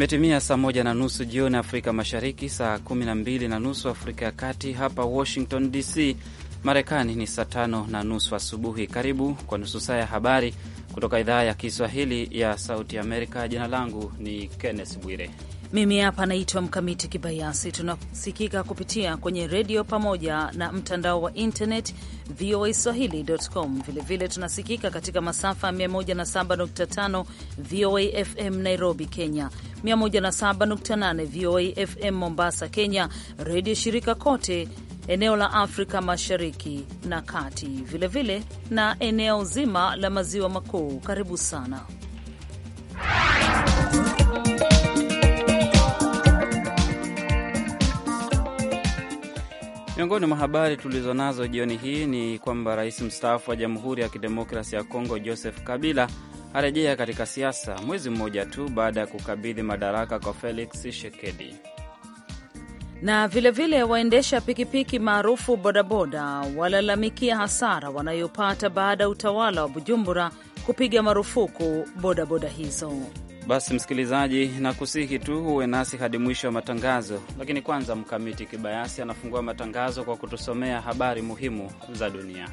Imetimia saa moja na nusu jioni Afrika Mashariki, saa kumi na mbili na nusu Afrika ya Kati. Hapa Washington DC, Marekani ni saa tano na nusu asubuhi. Karibu kwa nusu saa ya habari kutoka idhaa ya Kiswahili ya Sauti Amerika. Jina langu ni Kenneth Bwire mimi hapa naitwa Mkamiti Kibayasi. Tunasikika kupitia kwenye redio pamoja na mtandao wa internet voa swahili.com. Vilevile tunasikika katika masafa ya 107.5 VOA FM Nairobi, Kenya, 107.8 VOA FM Mombasa, Kenya, redio shirika kote eneo la Afrika Mashariki na Kati, vilevile vile na eneo zima la Maziwa Makuu. Karibu sana. Miongoni mwa habari tulizonazo jioni hii ni kwamba rais mstaafu wa Jamhuri ya Kidemokrasi ya Kongo Joseph Kabila arejea katika siasa mwezi mmoja tu baada ya kukabidhi madaraka kwa Felix Tshisekedi. Na vilevile waendesha pikipiki maarufu bodaboda walalamikia hasara wanayopata baada ya utawala wa Bujumbura kupiga marufuku bodaboda hizo. Basi msikilizaji, nakusihi tu uwe nasi hadi mwisho wa matangazo, lakini kwanza Mkamiti Kibayasi anafungua matangazo kwa kutusomea habari muhimu za dunia.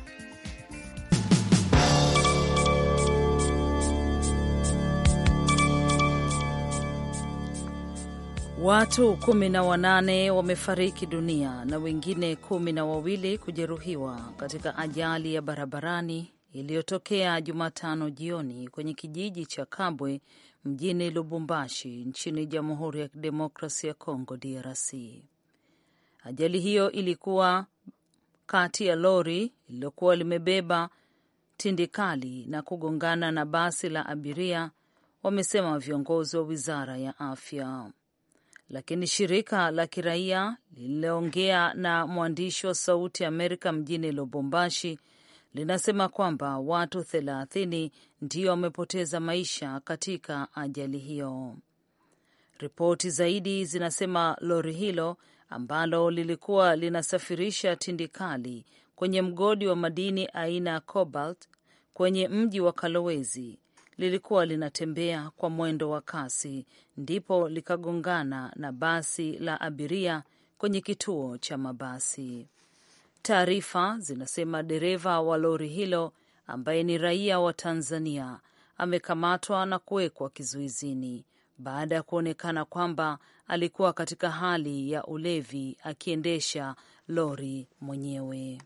Watu kumi na wanane wamefariki dunia na wengine kumi na wawili kujeruhiwa katika ajali ya barabarani iliyotokea Jumatano jioni kwenye kijiji cha Kabwe mjini Lubumbashi nchini Jamhuri ya Kidemokrasi ya congo DRC. Ajali hiyo ilikuwa kati ya lori lililokuwa limebeba tindikali na kugongana na basi la abiria, wamesema viongozi wa wizara ya afya. Lakini shirika la kiraia lililoongea na mwandishi wa Sauti Amerika mjini Lubumbashi linasema kwamba watu thelathini ndio wamepoteza maisha katika ajali hiyo. Ripoti zaidi zinasema lori hilo ambalo lilikuwa linasafirisha tindikali kwenye mgodi wa madini aina ya cobalt kwenye mji wa Kalowezi lilikuwa linatembea kwa mwendo wa kasi, ndipo likagongana na basi la abiria kwenye kituo cha mabasi. Taarifa zinasema dereva wa lori hilo ambaye ni raia wa Tanzania amekamatwa na kuwekwa kizuizini baada ya kuonekana kwamba alikuwa katika hali ya ulevi akiendesha lori mwenyewe.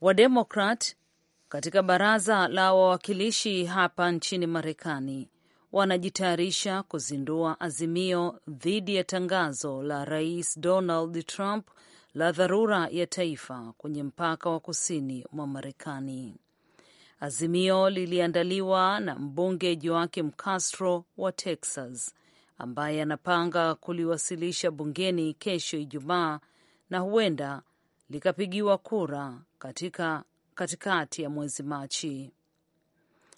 Wademokrat katika baraza la wawakilishi hapa nchini Marekani wanajitayarisha kuzindua azimio dhidi ya tangazo la Rais Donald Trump la dharura ya taifa kwenye mpaka wa kusini mwa Marekani. Azimio liliandaliwa na mbunge Joaquim Castro wa Texas ambaye anapanga kuliwasilisha bungeni kesho Ijumaa na huenda likapigiwa kura katika katikati ya mwezi Machi.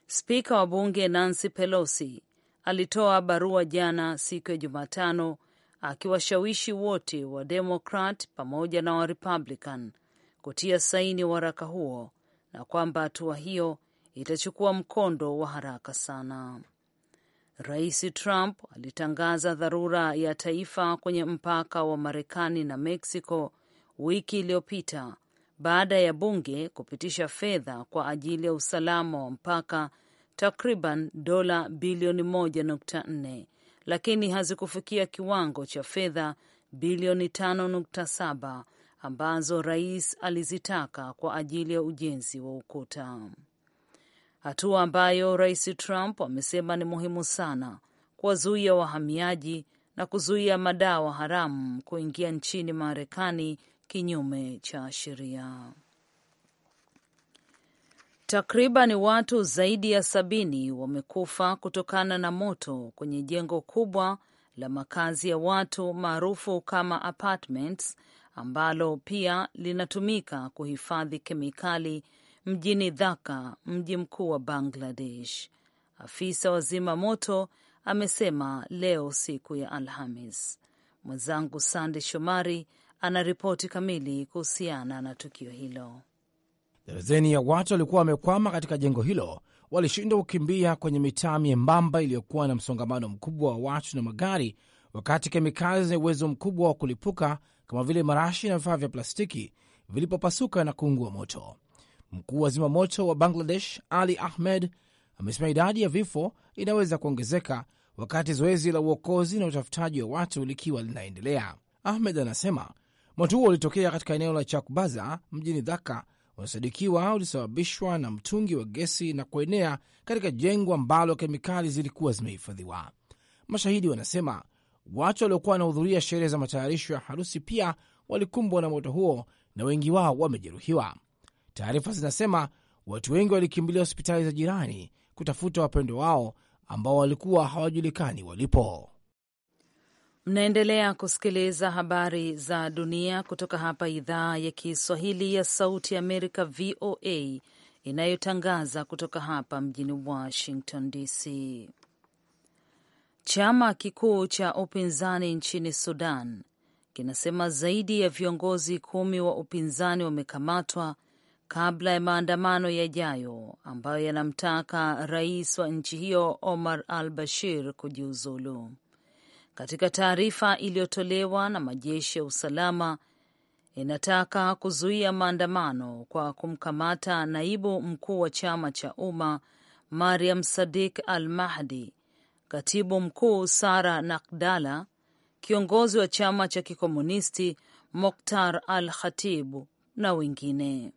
Spika wa bunge Nancy Pelosi alitoa barua jana siku ya Jumatano akiwashawishi wote wa Demokrat pamoja na Warepublican kutia saini waraka huo na kwamba hatua hiyo itachukua mkondo wa haraka sana. Rais Trump alitangaza dharura ya taifa kwenye mpaka wa Marekani na Mexico wiki iliyopita baada ya bunge kupitisha fedha kwa ajili ya usalama wa mpaka takriban dola bilioni 1.4 lakini hazikufikia kiwango cha fedha bilioni 5.7 ambazo rais alizitaka kwa ajili ya ujenzi wa ukuta, hatua ambayo rais Trump amesema ni muhimu sana kuwazuia wahamiaji na kuzuia madawa haramu kuingia nchini Marekani kinyume cha sheria. Takriban watu zaidi ya sabini wamekufa kutokana na moto kwenye jengo kubwa la makazi ya watu maarufu kama apartments ambalo pia linatumika kuhifadhi kemikali mjini Dhaka, mji mkuu wa Bangladesh. Afisa wa zima moto amesema leo siku ya Alhamis. Mwenzangu Sande Shomari anaripoti kamili kuhusiana na tukio hilo. Darazeni ya watu waliokuwa wamekwama katika jengo hilo walishindwa kukimbia kwenye mitaa miembamba iliyokuwa na msongamano mkubwa wa watu na magari, wakati kemikali zenye uwezo mkubwa wa kulipuka kama vile marashi na vifaa vya plastiki vilipopasuka na kuungua moto. Mkuu wa zimamoto wa Bangladesh Ali Ahmed amesema idadi ya vifo inaweza kuongezeka wakati zoezi la uokozi na utafutaji wa watu likiwa linaendelea. Ahmed anasema moto huo ulitokea katika eneo la Chakbaza mjini Dhaka unasadikiwa ulisababishwa na mtungi wa gesi na kuenea katika jengo ambalo kemikali zilikuwa zimehifadhiwa. Mashahidi wanasema watu waliokuwa wanahudhuria sherehe za matayarisho ya harusi pia walikumbwa na moto huo na wengi wao wamejeruhiwa. Taarifa zinasema watu wengi walikimbilia hospitali za jirani kutafuta wapendo wao ambao walikuwa hawajulikani walipo. Mnaendelea kusikiliza habari za dunia kutoka hapa idhaa ya Kiswahili ya Sauti Amerika, VOA, inayotangaza kutoka hapa mjini Washington DC. Chama kikuu cha upinzani nchini Sudan kinasema zaidi ya viongozi kumi wa upinzani wamekamatwa kabla ya maandamano yajayo ambayo yanamtaka rais wa nchi hiyo Omar al Bashir kujiuzulu katika taarifa iliyotolewa na majeshi ya usalama inataka kuzuia maandamano kwa kumkamata naibu mkuu wa chama cha umma Mariam Sadik Al Mahdi, katibu mkuu Sara Nakdala, kiongozi wa chama cha kikomunisti Moktar Al Khatibu na wengine.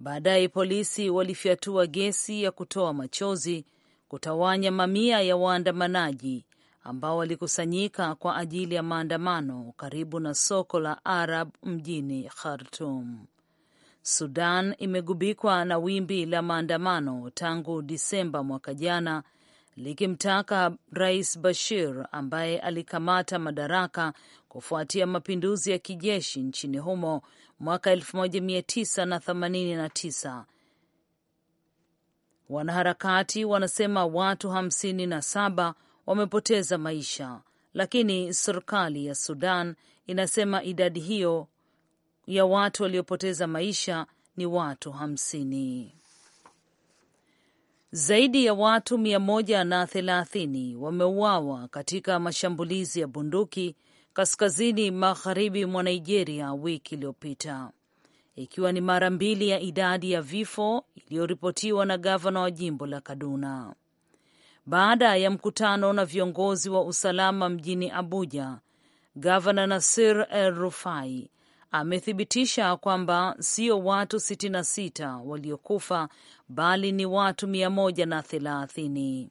Baadaye polisi walifyatua gesi ya kutoa machozi kutawanya mamia ya waandamanaji ambao walikusanyika kwa ajili ya maandamano karibu na soko la Arab mjini Khartum. Sudan imegubikwa na wimbi la maandamano tangu Disemba mwaka jana likimtaka Rais Bashir ambaye alikamata madaraka kufuatia mapinduzi ya kijeshi nchini humo mwaka 1989. Wanaharakati wanasema watu 57 wamepoteza maisha, lakini serikali ya Sudan inasema idadi hiyo ya watu waliopoteza maisha ni watu hamsini. Zaidi ya watu mia moja na thelathini wameuawa katika mashambulizi ya bunduki kaskazini magharibi mwa Nigeria wiki iliyopita, ikiwa ni mara mbili ya idadi ya vifo iliyoripotiwa na gavana wa jimbo la Kaduna baada ya mkutano na viongozi wa usalama mjini Abuja. Gavana Nasir El Rufai amethibitisha kwamba sio watu 66 waliokufa bali ni watu 130.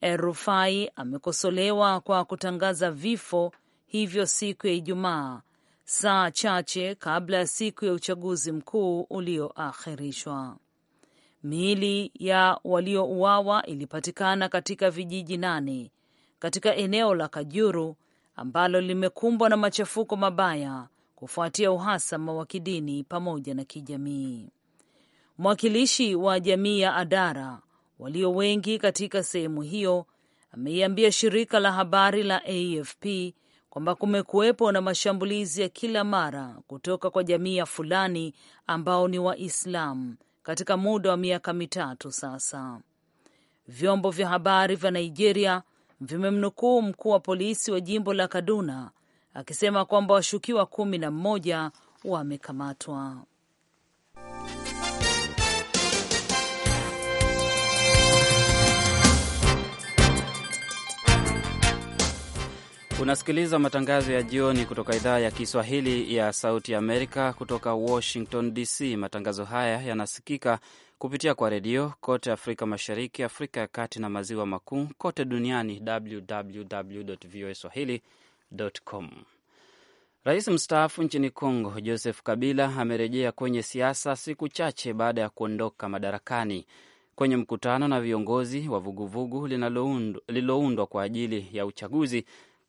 El Rufai amekosolewa kwa kutangaza vifo hivyo siku ya Ijumaa, saa chache kabla ya siku ya uchaguzi mkuu ulioakhirishwa. Miili ya waliouawa ilipatikana katika vijiji nane katika eneo la Kajuru ambalo limekumbwa na machafuko mabaya kufuatia uhasama wa kidini pamoja na kijamii. Mwakilishi wa jamii ya Adara walio wengi katika sehemu hiyo ameiambia shirika la habari la AFP kwamba kumekuwepo na mashambulizi ya kila mara kutoka kwa jamii ya fulani ambao ni Waislamu katika muda wa miaka mitatu sasa. Vyombo vya habari vya Nigeria vimemnukuu mkuu wa polisi wa jimbo la Kaduna akisema kwamba washukiwa kumi na mmoja wamekamatwa. Unasikiliza matangazo ya jioni kutoka idhaa ya Kiswahili ya Sauti Amerika kutoka Washington DC. Matangazo haya yanasikika kupitia kwa redio kote Afrika Mashariki, Afrika ya Kati na Maziwa Makuu, kote duniani www voa www.voaswahili.com. Rais mstaafu nchini congo Joseph Kabila amerejea kwenye siasa siku chache baada ya kuondoka madarakani. Kwenye mkutano na viongozi wa vuguvugu lililoundwa kwa ajili ya uchaguzi,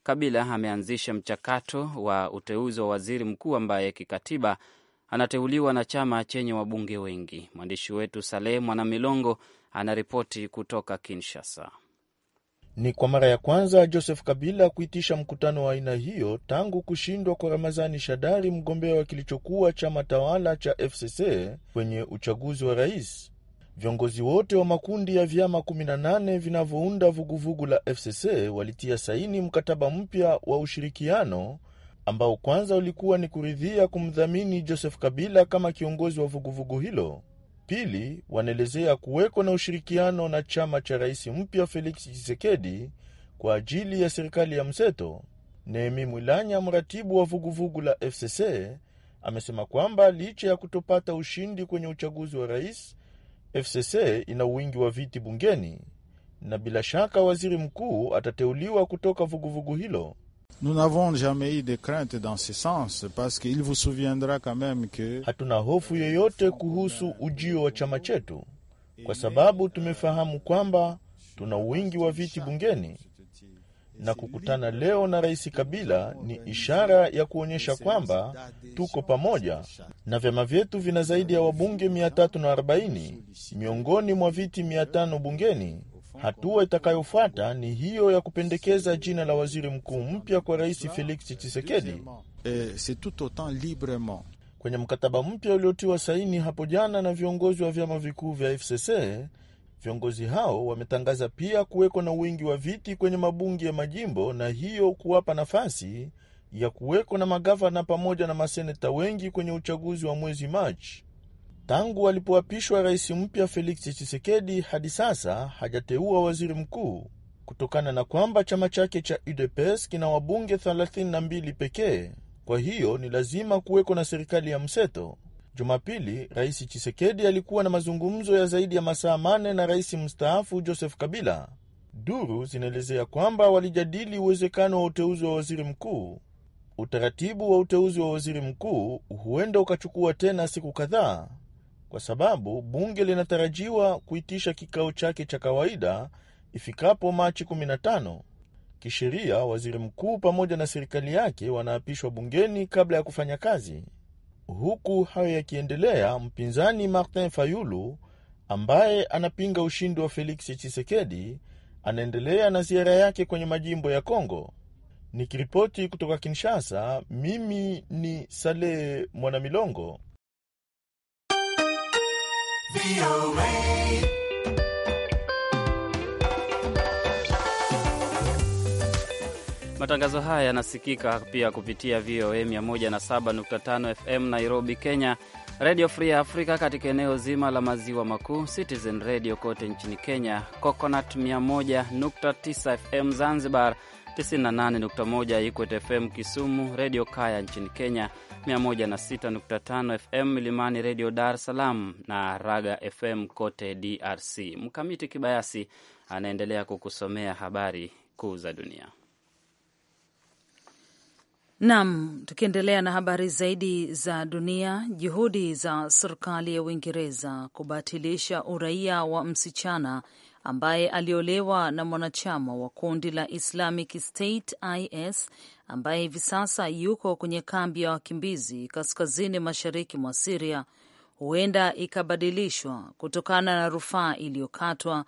Kabila ameanzisha mchakato wa uteuzi wa waziri mkuu ambaye kikatiba anateuliwa na chama chenye wabunge wengi. Mwandishi wetu Saleh Mwanamilongo anaripoti kutoka Kinshasa. Ni kwa mara ya kwanza Joseph Kabila kuitisha mkutano wa aina hiyo tangu kushindwa kwa Ramazani Shadari, mgombea wa kilichokuwa chama tawala cha FCC kwenye uchaguzi wa rais Viongozi wote wa makundi ya vyama 18 vinavyounda vuguvugu la FCC walitia saini mkataba mpya wa ushirikiano ambao kwanza ulikuwa ni kuridhia kumdhamini Joseph Kabila kama kiongozi wa vuguvugu hilo. Pili, wanaelezea kuweko na ushirikiano na chama cha rais mpya Felix Tshisekedi kwa ajili ya serikali ya mseto. Nehemi Mwilanya, mratibu wa vuguvugu la FCC, amesema kwamba licha ya kutopata ushindi kwenye uchaguzi wa rais, FCC ina wingi wa viti bungeni na bila shaka waziri mkuu atateuliwa kutoka vuguvugu hilo. Nous n'avons jamais eu de crainte dans ce sens parce qu'il vous souviendra quand même que hatuna hofu yoyote kuhusu ujio wa chama chetu, kwa sababu tumefahamu kwamba tuna wingi wa viti bungeni na kukutana leo na Rais Kabila ni ishara ya kuonyesha kwamba tuko pamoja, na vyama vyetu vina zaidi ya wabunge 340 miongoni mwa viti 500 bungeni. Hatua itakayofuata ni hiyo ya kupendekeza jina la waziri mkuu mpya kwa Rais Felix Tshisekedi. Eh, Kwenye mkataba mpya uliotiwa saini hapo jana na viongozi wa vyama vikuu vya FCC Viongozi hao wametangaza pia kuweko na wingi wa viti kwenye mabunge ya majimbo na hiyo kuwapa nafasi ya kuweko na magavana pamoja na maseneta wengi kwenye uchaguzi wa mwezi Machi. Tangu alipoapishwa rais mpya Felix Tshisekedi hadi sasa hajateua waziri mkuu kutokana na kwamba chama chake cha UDPS kina wabunge 32 pekee. Kwa hiyo ni lazima kuweko na serikali ya mseto Jumapili, Rais Chisekedi alikuwa na mazungumzo ya zaidi ya masaa mane na rais mstaafu Joseph Kabila. Duru zinaelezea kwamba walijadili uwezekano wa uteuzi wa waziri mkuu. Utaratibu wa uteuzi wa waziri mkuu huenda ukachukua tena siku kadhaa, kwa sababu bunge linatarajiwa kuitisha kikao chake cha kawaida ifikapo Machi 15. Kisheria, waziri mkuu pamoja na serikali yake wanaapishwa bungeni kabla ya kufanya kazi. Huku hayo yakiendelea, mpinzani Martin Fayulu ambaye anapinga ushindi wa feliksi Chisekedi anaendelea na ziara yake kwenye majimbo ya Kongo. Nikiripoti kutoka Kinshasa, mimi ni Saleh Mwanamilongo. Matangazo haya yanasikika pia kupitia VOA 107.5 FM Nairobi, Kenya, Redio Free Africa katika eneo zima la maziwa makuu, Citizen Radio kote nchini Kenya, Coconut 101.9 FM Zanzibar, 98.1 Ikwet FM Kisumu, Redio Kaya nchini Kenya, 106.5 FM Milimani Redio Dar es Salaam na Raga FM kote DRC. Mkamiti Kibayasi anaendelea kukusomea habari kuu za dunia. Nam, tukiendelea na habari zaidi za dunia. Juhudi za serikali ya Uingereza kubatilisha uraia wa msichana ambaye aliolewa na mwanachama wa kundi la Islamic State IS ambaye hivi sasa yuko kwenye kambi ya wakimbizi kaskazini mashariki mwa Siria huenda ikabadilishwa kutokana na rufaa iliyokatwa,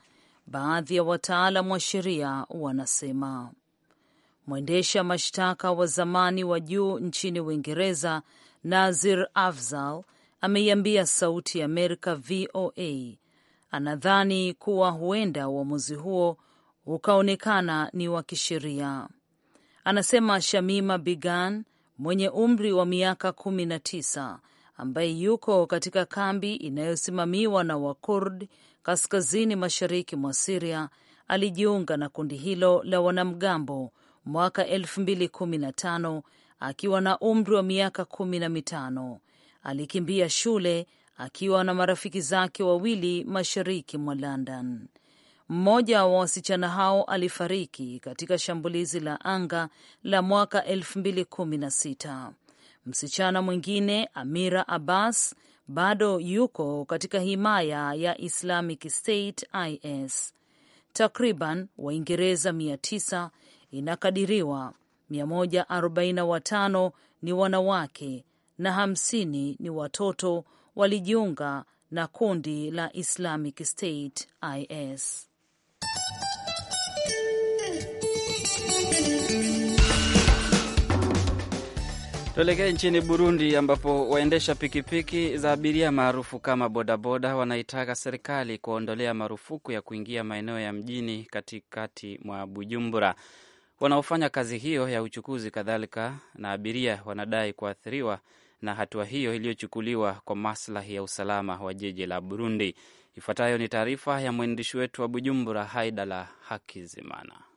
baadhi ya wataalam wa sheria wanasema. Mwendesha mashtaka wa zamani wa juu nchini Uingereza, Nazir Afzal, ameiambia Sauti ya Amerika VOA anadhani kuwa huenda uamuzi huo ukaonekana ni wa kisheria. Anasema Shamima Bigan mwenye umri wa miaka kumi na tisa ambaye yuko katika kambi inayosimamiwa na Wakurd kaskazini mashariki mwa Siria alijiunga na kundi hilo la wanamgambo mwaka 215 akiwa na umri wa miaka kumi na mitano. Alikimbia shule akiwa na marafiki zake wawili mashariki mwa London. Mmoja wa wasichana hao alifariki katika shambulizi la anga la mwaka 216 Msichana mwingine Amira Abbas bado yuko katika himaya ya Islamic State IS. Takriban Waingereza 900 inakadiriwa 145 ni wanawake na hamsini ni watoto walijiunga na kundi la Islamic State IS. Tuelekee nchini Burundi ambapo waendesha pikipiki za abiria maarufu kama bodaboda wanaitaka serikali kuondolea marufuku ya kuingia maeneo ya mjini katikati mwa Bujumbura. Wanaofanya kazi hiyo ya uchukuzi kadhalika na abiria wanadai kuathiriwa na hatua hiyo iliyochukuliwa kwa maslahi ya usalama wa jiji la Burundi. Ifuatayo ni taarifa ya mwandishi wetu wa Bujumbura, Haidala Hakizimana.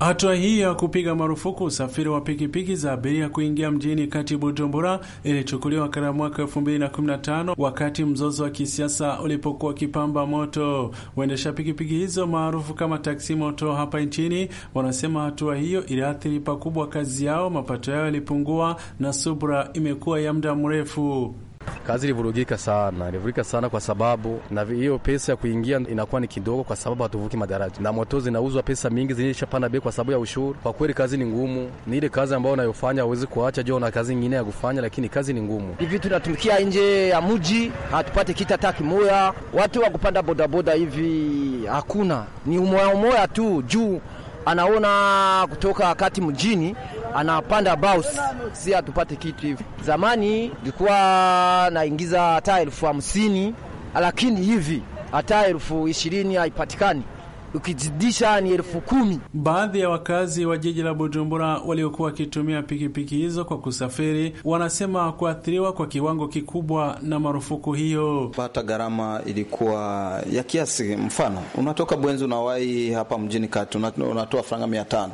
Hatua hii ya kupiga marufuku usafiri wa pikipiki za abiria kuingia mjini kati Bujumbura ilichukuliwa katika mwaka tano wakati mzozo wa kisiasa ulipokuwa kipamba moto. Waendesha pikipiki hizo maarufu kama taksi moto hapa nchini wanasema hatua hiyo iliathiri pakubwa kazi yao, mapato yao yalipungua na subra imekuwa ya muda mrefu. Kazi ilivurugika sana, ilivurugika sana kwa sababu na hiyo pesa ya kuingia inakuwa ni kidogo, kwa sababu hatuvuki madaraja na moto zinauzwa pesa mingi, zilishapanda bei kwa sababu ya ushuru. Kwa kweli kazi ni ngumu, ni ile kazi ambayo unayofanya huwezi kuacha, jua una kazi nyingine ya kufanya, lakini kazi ni ngumu. Hivi tunatumikia nje ya mji, hatupate kita taki moya, watu wa kupanda bodaboda hivi hakuna, ni umoya umoya tu juu anaona kutoka wakati mjini anapanda baus, si atupate kitu hivi. Zamani ilikuwa naingiza hata elfu hamsini lakini hivi hata elfu ishirini haipatikani ukizidisha ni elfu kumi. Baadhi ya wakazi wa jiji la Bujumbura waliokuwa wakitumia pikipiki hizo kwa kusafiri wanasema kuathiriwa kwa kiwango kikubwa na marufuku hiyo. Pata gharama ilikuwa ya kiasi, mfano unatoka Bwenzi unawahi hapa mjini kati unatoa franga mia tano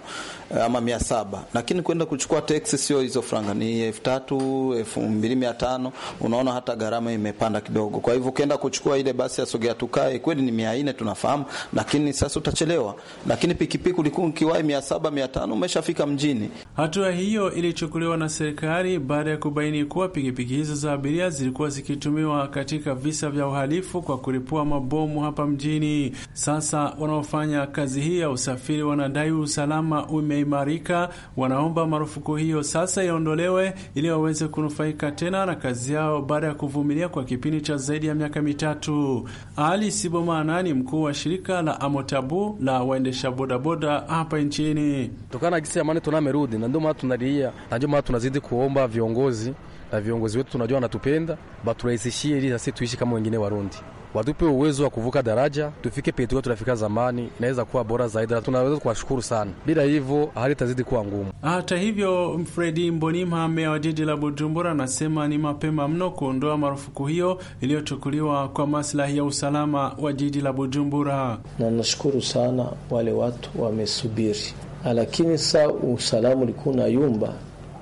eh, ama mia saba lakini kwenda kuchukua teksi sio hizo franga, ni elfu tatu elfu mbili mia tano Unaona hata gharama imepanda kidogo. Kwa hivyo ukienda kuchukua ile basi ya sogea tukae, kweli ni mia nne tunafahamu, lakini sasa utachelewa, lakini pikipiki ulikuwa ukiwahi mia saba mia tano umeshafika mjini. Hatua hiyo ilichukuliwa na serikali baada ya kubaini kuwa pikipiki hizo za abiria zilikuwa zikitumiwa katika visa vya uhalifu kwa kulipua mabomu hapa mjini. Sasa wanaofanya kazi hii ya usafiri wanadai usalama umeimarika, wanaomba marufuku hiyo sasa iondolewe ili waweze kunufaika tena na kazi yao baada ya kuvumilia kwa kipindi cha zaidi ya miaka mitatu. Ali Sibomana ni mkuu wa shirika la Amota chabu la waendesha bodaboda hapa nchini, tukana gisi amani merudi na ndio maana tunalia, na ndio maana tunazidi kuomba viongozi na viongozi wetu, tunajua wanatupenda, baturahisishie ili sisi tuishi kama wengine Warundi watupe uwezo wa kuvuka daraja, tufike petro tunafika zamani, inaweza kuwa bora zaidi, na tunaweza kuwashukuru sana. Bila hivyo, hali itazidi kuwa ngumu. Hata hivyo, Fredi Mbonimpa, meya wa jiji la Bujumbura, anasema ni mapema mno kuondoa marufuku hiyo iliyochukuliwa kwa maslahi ya usalama wa jiji la Bujumbura. Na nashukuru sana wale watu wamesubiri, lakini saa usalama ulikuwa na yumba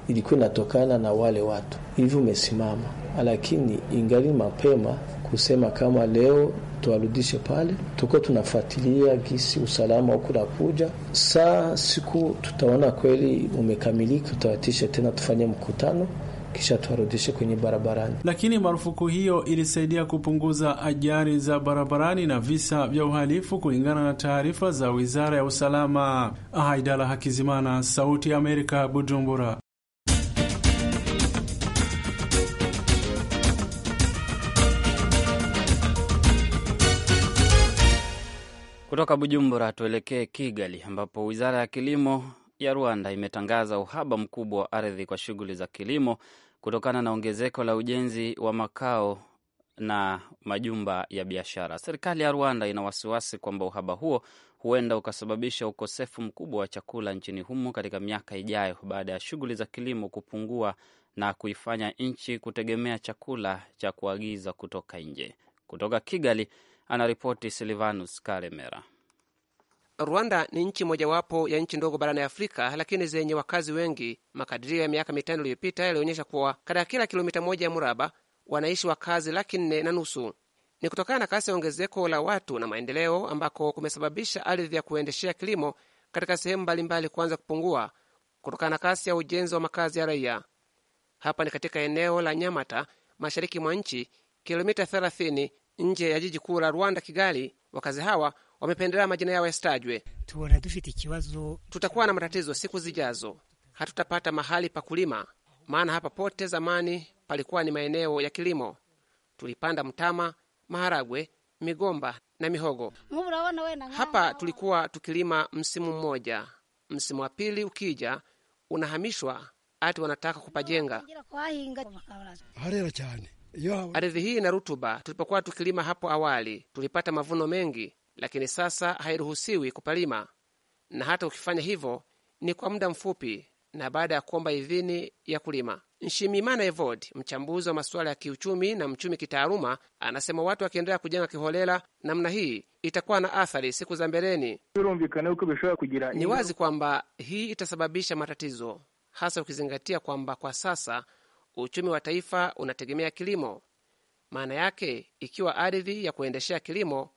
ilikuwa inatokana na wale watu hivyo umesimama, lakini ingali mapema kusema kama leo tuwarudishe pale, tuko tunafuatilia gisi usalama huku nakuja. Saa siku tutaona kweli umekamilika, tutawatisha tena tufanye mkutano kisha tuwarudishe kwenye barabarani. Lakini marufuku hiyo ilisaidia kupunguza ajali za barabarani na visa vya uhalifu, kulingana na taarifa za wizara ya usalama. Haidala Hakizimana, Sauti ya Amerika, Bujumbura. Kutoka Bujumbura tuelekee Kigali, ambapo wizara ya kilimo ya Rwanda imetangaza uhaba mkubwa wa ardhi kwa shughuli za kilimo kutokana na ongezeko la ujenzi wa makao na majumba ya biashara. Serikali ya Rwanda ina wasiwasi kwamba uhaba huo huenda ukasababisha ukosefu mkubwa wa chakula nchini humo katika miaka ijayo, baada ya shughuli za kilimo kupungua na kuifanya nchi kutegemea chakula cha kuagiza kutoka nje. Kutoka Kigali, anaripoti Silvanus Karemera. Rwanda ni nchi mojawapo ya nchi ndogo barani Afrika, lakini zenye wakazi wengi. Makadirio ya miaka mitano iliyopita yalionyesha kuwa katika kila kilomita moja ya mraba wanaishi wakazi laki nne na nusu. Ni kutokana na kasi ya ongezeko la watu na maendeleo ambako kumesababisha ardhi ya kuendeshea kilimo katika sehemu mbalimbali kuanza kupungua kutokana na kasi ya ujenzi wa makazi ya raia. Hapa ni katika eneo la Nyamata, mashariki mwa nchi, kilomita nje ya jiji kuu la Rwanda, Kigali, wakazi hawa wamependelea majina yao yasitajwe. Tutakuwa na matatizo siku zijazo, hatutapata mahali pa kulima, maana hapa pote zamani palikuwa ni maeneo ya kilimo. Tulipanda mtama, maharagwe, migomba na mihogo. Hapa tulikuwa tukilima msimu mmoja, msimu wa pili ukija unahamishwa, ati wanataka kupajenga. Ardhi hii ina rutuba. Tulipokuwa tukilima hapo awali, tulipata mavuno mengi, lakini sasa hairuhusiwi kupalima, na hata ukifanya hivyo ni kwa muda mfupi na baada ya kuomba idhini ya kulima. Nshimimana Evod, mchambuzi wa masuala ya kiuchumi na mchumi kitaaluma, anasema watu wakiendelea kujenga kiholela namna hii itakuwa na athari siku za mbeleni. Ni wazi kwamba hii itasababisha matatizo, hasa ukizingatia kwamba kwa sasa uchumi wa taifa unategemea kilimo. Maana yake ikiwa ardhi ya kuendeshea kilimo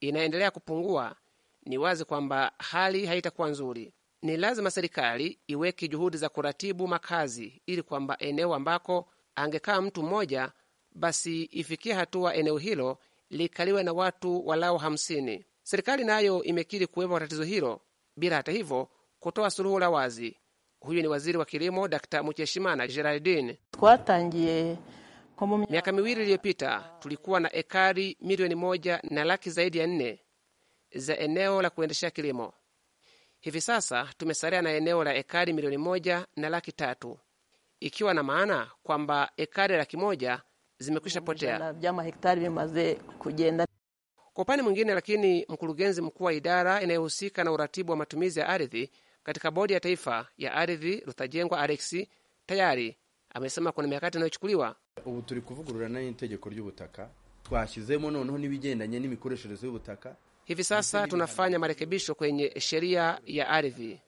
inaendelea kupungua, ni wazi kwamba hali haitakuwa nzuri. Ni lazima serikali iweke juhudi za kuratibu makazi ili kwamba eneo ambako angekaa mtu mmoja basi ifikie hatua eneo hilo likaliwe na watu walao hamsini. Serikali nayo imekiri kuwepo kwa tatizo hilo bila hata hivyo kutoa suluhu la wazi. Huyu ni waziri wa kilimo Dr mucheshimana Geraldin. Twatangiye miaka miwili iliyopita, tulikuwa na ekari milioni moja na laki zaidi ya nne za eneo la kuendeshea kilimo. Hivi sasa tumesalia na eneo la ekari milioni moja na laki tatu ikiwa na maana kwamba ekari laki moja zimekwisha potea. Kwa upande mwingine, lakini mkurugenzi mkuu wa idara inayohusika na uratibu wa matumizi ya ardhi katika bodi ya taifa ya ardhi Rutajengwa Alex tayari amesema kuna mikakati inayochukuliwa. ubu turi kuvugurura nayo itegeko ry'ubutaka twashyizemo noneho n'ibigendanye n'imikoreshereze y'ubutaka. Hivi sasa tunafanya marekebisho kwenye sheria ya ardhi,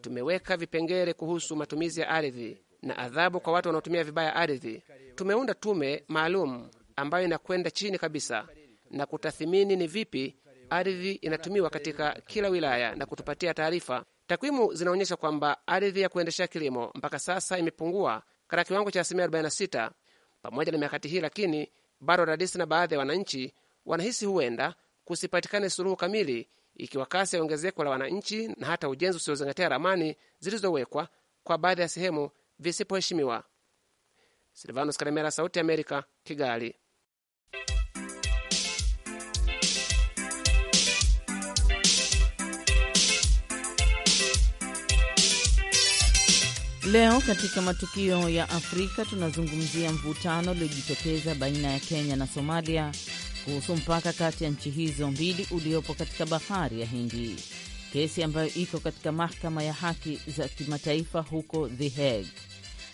tumeweka vipengele kuhusu matumizi ya ardhi na adhabu kwa watu wanaotumia vibaya ardhi. Tumeunda tume maalum ambayo inakwenda chini kabisa na kutathimini ni vipi ardhi inatumiwa katika kila wilaya na kutupatia taarifa Takwimu zinaonyesha kwamba ardhi ya kuendeshea kilimo mpaka sasa imepungua katika kiwango cha asilimia 46. Pamoja na mikakati hii, lakini bado radisi na baadhi ya wananchi wanahisi huenda kusipatikane suluhu kamili, ikiwa kasi ya ongezeko la wananchi na hata ujenzi usiozingatia ramani zilizowekwa kwa baadhi ya sehemu visipoheshimiwa. Silvanus Karemera, Sauti ya Amerika, Kigali. Leo katika matukio ya Afrika tunazungumzia mvutano uliojitokeza baina ya Kenya na Somalia kuhusu mpaka kati ya nchi hizo mbili uliopo katika bahari ya Hindi, kesi ambayo iko katika mahakama ya haki za kimataifa huko The Hague.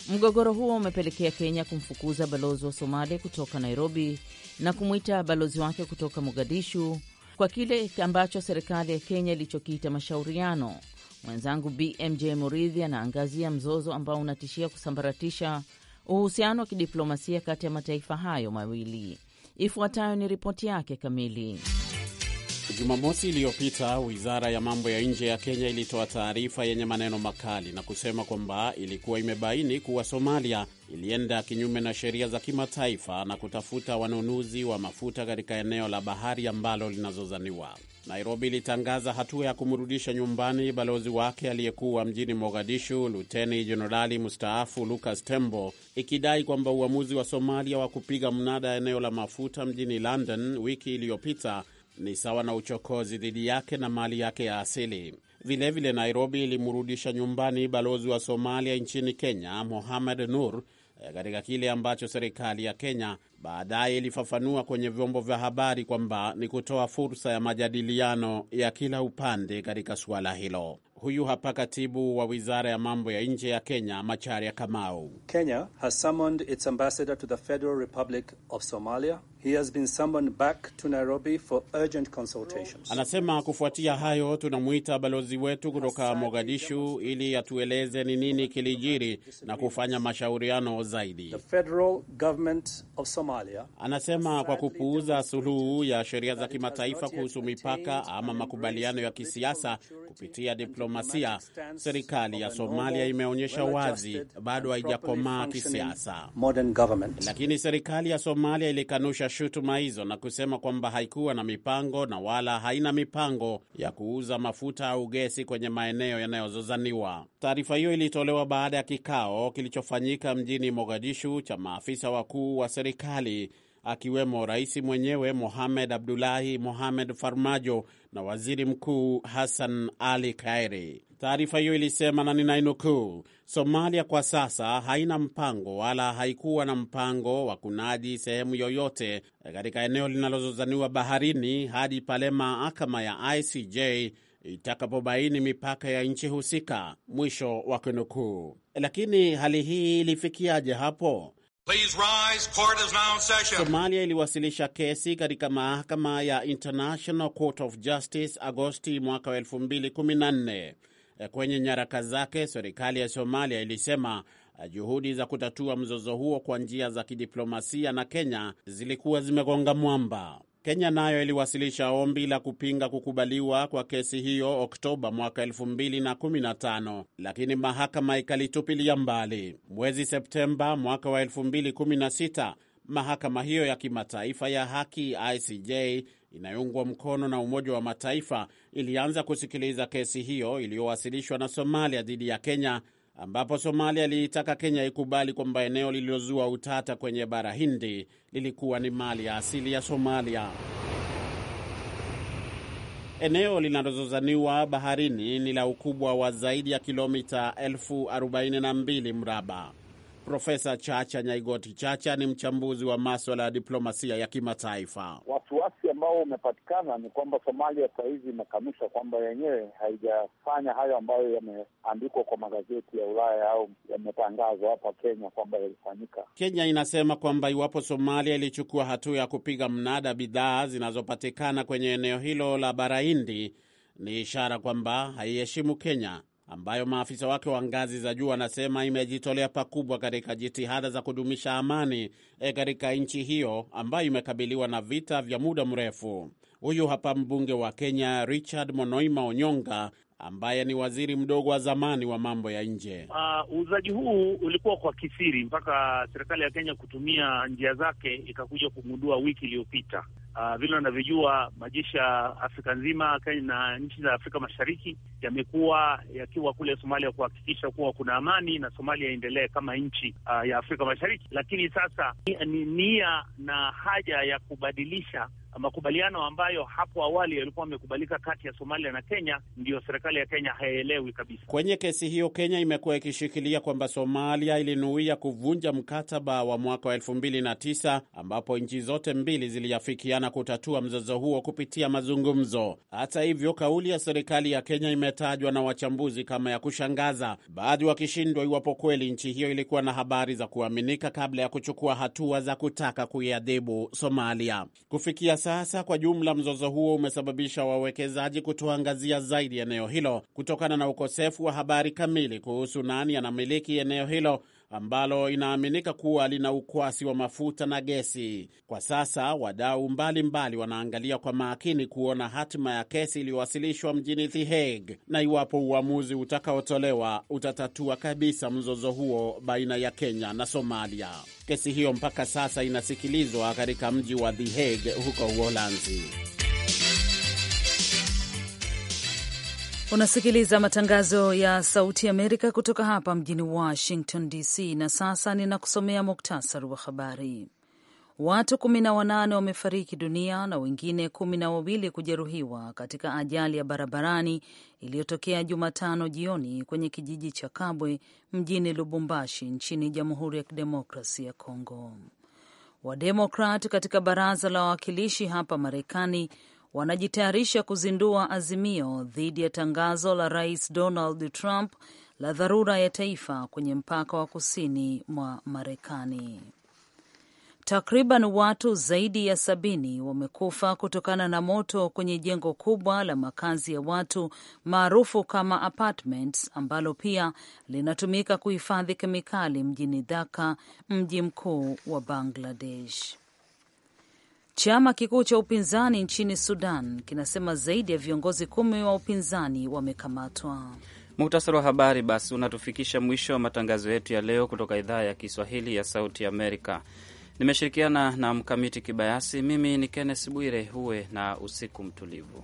Mgogoro huo umepelekea Kenya kumfukuza balozi wa Somalia kutoka Nairobi na kumwita balozi wake kutoka Mogadishu kwa kile ambacho serikali ya Kenya ilichokiita mashauriano Mwenzangu BMJ Muridhi anaangazia mzozo ambao unatishia kusambaratisha uhusiano wa kidiplomasia kati ya mataifa hayo mawili. Ifuatayo ni ripoti yake kamili. Jumamosi iliyopita wizara ya mambo ya nje ya Kenya ilitoa taarifa yenye maneno makali na kusema kwamba ilikuwa imebaini kuwa Somalia ilienda kinyume na sheria za kimataifa na kutafuta wanunuzi wa mafuta katika eneo la bahari ambalo linazozaniwa. Nairobi ilitangaza hatua ya kumrudisha nyumbani balozi wake aliyekuwa mjini Mogadishu, Luteni Jenerali mustaafu Lucas Tembo, ikidai kwamba uamuzi wa Somalia wa kupiga mnada eneo la mafuta mjini London wiki iliyopita ni sawa na uchokozi dhidi yake na mali yake ya asili. Vilevile vile Nairobi ilimrudisha nyumbani balozi wa Somalia nchini Kenya, Mohamed Nur, Eh, katika kile ambacho serikali ya Kenya baadaye ilifafanua kwenye vyombo vya habari kwamba ni kutoa fursa ya majadiliano ya kila upande katika suala hilo. Huyu hapa katibu wa wizara ya mambo ya nje ya Kenya, Macharia Kamau. Kenya has summoned its ambassador to the Federal Republic of Somalia He has been summoned back to Nairobi for urgent consultations. Anasema kufuatia hayo tunamwita balozi wetu kutoka Mogadishu ili atueleze ni nini kilijiri na kufanya mashauriano zaidi. The federal government of Somalia. Anasema kwa kupuuza suluhu ya sheria za kimataifa kuhusu mipaka ama makubaliano ya kisiasa kupitia diplomasia, serikali ya Somalia imeonyesha wazi bado haijakomaa kisiasa. Lakini serikali ya Somalia ilikanusha shutuma hizo na kusema kwamba haikuwa na mipango na wala haina mipango ya kuuza mafuta au gesi kwenye maeneo yanayozozaniwa. Taarifa hiyo ilitolewa baada ya kikao kilichofanyika mjini Mogadishu cha maafisa wakuu wa serikali akiwemo rais mwenyewe Mohamed Abdullahi Mohamed Farmajo na waziri mkuu Hassan Ali Kairi. Taarifa hiyo ilisema na ninainukuu, Somalia kwa sasa haina mpango wala haikuwa na mpango wa kunadi sehemu yoyote katika eneo linalozozaniwa baharini hadi pale mahakama ya ICJ itakapobaini mipaka ya nchi husika, mwisho wa kunukuu. Lakini hali hii ilifikiaje hapo? Somalia iliwasilisha kesi katika mahakama ya International Court of Justice Agosti mwaka 2014. Eh, kwenye nyaraka zake, serikali ya Somalia ilisema eh, juhudi za kutatua mzozo huo kwa njia za kidiplomasia na Kenya zilikuwa zimegonga mwamba. Kenya nayo iliwasilisha ombi la kupinga kukubaliwa kwa kesi hiyo Oktoba mwaka 2015 lakini mahakama ikalitupilia mbali. Mwezi Septemba mwaka wa 2016 Mahakama hiyo ya kimataifa ya haki ICJ inayoungwa mkono na Umoja wa Mataifa ilianza kusikiliza kesi hiyo iliyowasilishwa na Somalia dhidi ya Kenya, ambapo Somalia iliitaka Kenya ikubali kwamba eneo lililozua utata kwenye bara Hindi lilikuwa ni mali ya asili ya Somalia. Eneo linalozozaniwa baharini ni la ukubwa wa zaidi ya kilomita elfu 42 mraba. Profesa Chacha Nyaigoti Chacha ni mchambuzi wa maswala ya diplomasia ya kimataifa. Wasiwasi ambao umepatikana ni kwamba Somalia saa hizi imekanusha kwamba yenyewe haijafanya hayo ambayo yameandikwa kwa magazeti ya Ulaya au yametangazwa hapa Kenya kwamba yalifanyika. Kenya inasema kwamba iwapo Somalia ilichukua hatua ya kupiga mnada bidhaa zinazopatikana kwenye eneo hilo la bara Hindi ni ishara kwamba haiheshimu Kenya ambayo maafisa wake wa ngazi za juu wanasema imejitolea pakubwa katika jitihada za kudumisha amani e katika nchi hiyo ambayo imekabiliwa na vita vya muda mrefu. Huyu hapa mbunge wa Kenya Richard Monoima Onyonga ambaye ni waziri mdogo wa zamani wa mambo ya nje. Ah, uuzaji uh, huu ulikuwa kwa kisiri mpaka serikali ya Kenya kutumia njia zake ikakuja kugundua wiki iliyopita. Uh, vile wanavyojua majeshi ya Afrika nzima na nchi za Afrika Mashariki yamekuwa yakiwa kule Somalia kuhakikisha kuwa kuna amani na Somalia iendelee kama nchi uh, ya Afrika Mashariki, lakini sasa ni nia na haja ya kubadilisha makubaliano ambayo hapo awali yalikuwa yamekubalika kati ya Somalia na Kenya, ndiyo serikali ya Kenya haielewi kabisa. Kwenye kesi hiyo, Kenya imekuwa ikishikilia kwamba Somalia ilinuia kuvunja mkataba wa mwaka wa elfu mbili na tisa ambapo nchi zote mbili ziliafikiana kutatua mzozo huo kupitia mazungumzo. Hata hivyo, kauli ya serikali ya Kenya imetajwa na wachambuzi kama ya kushangaza, baadhi wakishindwa iwapo kweli nchi hiyo ilikuwa na habari za kuaminika kabla ya kuchukua hatua za kutaka kuiadhibu Somalia. Kufikia sasa, kwa jumla, mzozo huo umesababisha wawekezaji kutoangazia zaidi eneo hilo kutokana na ukosefu wa habari kamili kuhusu nani anamiliki eneo hilo ambalo inaaminika kuwa lina ukwasi wa mafuta na gesi. Kwa sasa wadau mbalimbali wanaangalia kwa makini kuona hatima ya kesi iliyowasilishwa mjini The Hague na iwapo uamuzi utakaotolewa utatatua kabisa mzozo huo baina ya Kenya na Somalia. Kesi hiyo mpaka sasa inasikilizwa katika mji wa The Hague huko Uholanzi. Unasikiliza matangazo ya Sauti Amerika kutoka hapa mjini Washington DC, na sasa ninakusomea muktasari wa habari. Watu kumi na wanane wamefariki dunia na wengine kumi na wawili kujeruhiwa katika ajali ya barabarani iliyotokea Jumatano jioni kwenye kijiji cha Kabwe mjini Lubumbashi nchini Jamhuri ya Kidemokrasi ya Kongo. Wademokrat katika baraza la wawakilishi hapa Marekani wanajitayarisha kuzindua azimio dhidi ya tangazo la Rais Donald Trump la dharura ya taifa kwenye mpaka wa kusini mwa Marekani. Takriban watu zaidi ya sabini wamekufa kutokana na moto kwenye jengo kubwa la makazi ya watu maarufu kama apartments ambalo pia linatumika kuhifadhi kemikali mjini Dhaka, mji mkuu wa Bangladesh. Chama kikuu cha upinzani nchini Sudan kinasema zaidi ya viongozi kumi wa upinzani wamekamatwa. Muhtasari wa habari basi unatufikisha mwisho wa matangazo yetu ya leo kutoka idhaa ya Kiswahili ya Sauti Amerika. Nimeshirikiana na Mkamiti Kibayasi. Mimi ni Kenneth Bwire. Huwe na usiku mtulivu.